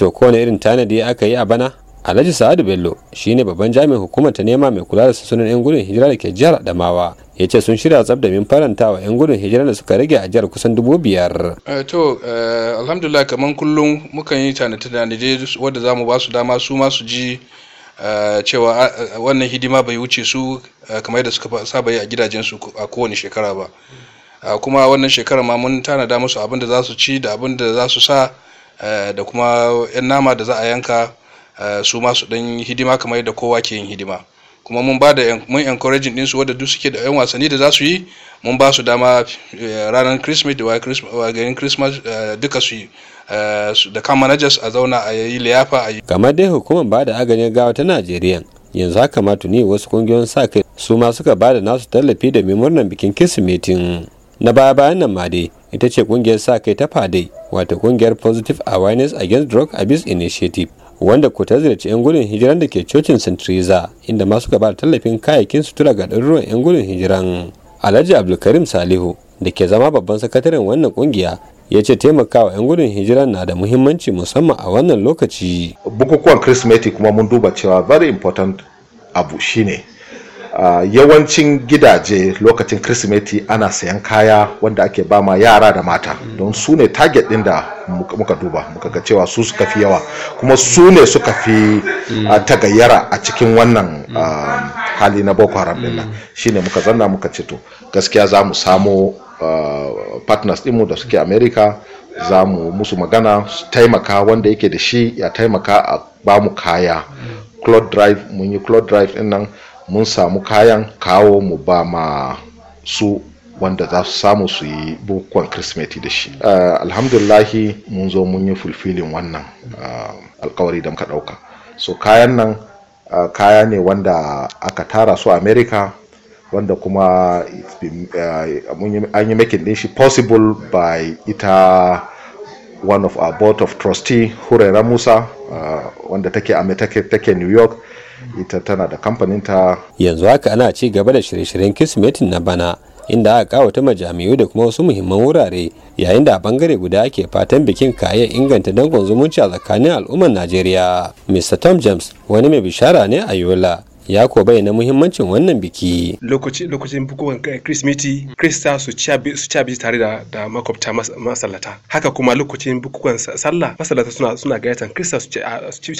to kowane irin tanadi aka yi a bana alhaji sa'adu bello shine babban jami'in hukumar ta nema mai kula da sassanin yan gudun hijira da ke jihar adamawa ya ce sun shirya tsab domin wa yan gudun hijira da suka rage a jihar kusan dubu biyar. Eh, to eh, alhamdulillah kamar kullum mukan yi tanade dai wadda za mu ba su dama su ma su ji eh, cewa wannan hidima bai wuce su kamar da suka saba yi a gidajensu a kowane shekara ba ah, kuma wannan shekara ma mun da musu abin da za su ci da abin da za su sa Eh, da kuma 'yan nama da za a yanka eh, su masu ɗan hidima kamar yadda kowa ke yin hidima kuma mun ba da mun encouraging su wadda duk suke da 'yan wasanni da za su yi mun ba su dama eh, ranar christmas da garin christmas duka su yi da kan managers a zauna a yi liyafa a yi kamar dai hukumar ba da aganin gawa ta najeriya yanzu haka ma tuni wasu kungiyoyin sa kai su ma suka ba da nasu tallafi da murnar bikin kirsimetin na baya bayan nan ma dai ita ce kungiyar sa kai ta fadai wato kungiyar positive awareness against drug abuse initiative wanda ku ta ziyarci 'yan gudun hijiran da ke cocin sintriza inda masu ba da tallafin kayayyakin sutura ga ɗaruruwan 'yan gudun hijiran alhaji abdulkarim salihu da ke zama babban sakataren wannan kungiya ya ce taimakawa 'yan gudun hijiran na da muhimmanci musamman a wannan lokaci bukukuwan kirsimeti kuma mun duba cewa very important abu shine yawancin gidaje lokacin kirsimeti ana sayan kaya wanda ake ba ma yara da mata don su ne target din da muka duba muka ga cewa su suka fi yawa kuma su ne suka fi tagayyara a cikin wannan hali na boko haram din nan shine muka zanna muka ce to gaskiya za mu samo partners dinmu da suke Amerika. za mu musu magana taimaka wanda yake da shi ya taimaka a ba mu kaya cloud drive mun yi cloud drive din nan mun samu kayan kawo mu ba ma su wanda za su samu su yi bukukuwan kirsimeti da shi uh, alhamdulillahi mun zo mun yi fulfilin wannan ah, alkawari da muka ɗauka so kayan nan uh, kaya ne wanda aka tara su Amerika, wanda kuma an yi making din shi possible by ita one of our board of trustee hurera musa uh, wanda take a take, take new york ita tana da kamfanin ta yanzu haka ana ci gaba da shirye-shiryen kismetin na bana inda aka kawata majami'u da kuma wasu muhimman wurare yayin da a bangare guda ake fatan bikin kayan inganta dangon zumunci a tsakanin al'ummar najeriya mr tom james wani mai bishara ne a yola ya ko bayyana muhimmancin wannan biki lokacin bukukuwan eh, krismeti krista su abinci tare da makwabta masallata haka kuma lokacin bukukuwan sallah masallata suna suna gayatan krista su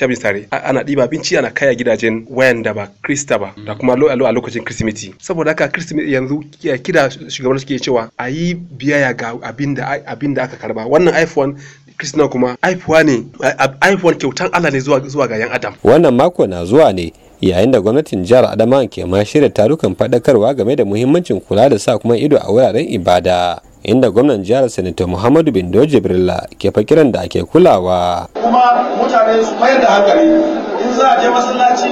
abinci tare ana ɗiba abinci ana kaya gidajen wayan da ba krista ba da kuma a lokacin krismeti saboda haka krismeti yanzu kira shugaban suke cewa a yi biyayya ga abin da aka karba wannan iphone kristina kuma iphone ne iphone kyautan allah ne zuwa ga yan adam wannan mako na zuwa ne yayin da gwamnatin jihar adama ke ma shirya tarukan faɗakarwa game da muhimmancin kula da sa kuma ido a wuraren ibada inda gwamnan jihar sanata muhammadu bin doji birla ke fakiran da ake kulawa kuma mutane su mayar da hankali in za a je masallaci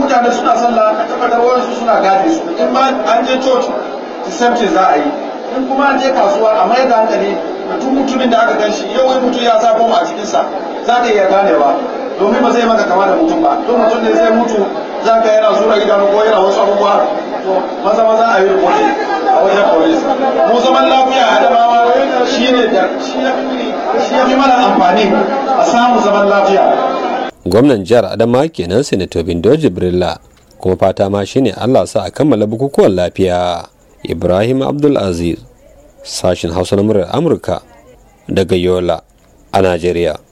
mutane suna sallah a tabbatar su suna gane su in ma an je coci the za a yi in kuma je kasuwa a mayar da hankali mutum mutumin da aka ganshi yau wai mutum ya sa mu a cikinsa za ka iya ganewa domin ba zai maka kama da mutum ba to mutum ne zai mutu za ka yana zura idanu ko yana wasu abubuwa to maza maza a yi rubutu a wajen police mu zaman lafiya a adamawa shi ne da shi ya fi mana amfani a samu zaman lafiya gwamnan jihar adama kenan sinato bindo birilla kuma fata ma shine allah sa a kammala bukukuwan lafiya ibrahim abdulaziz sashin hausa na amurka daga yola a najeriya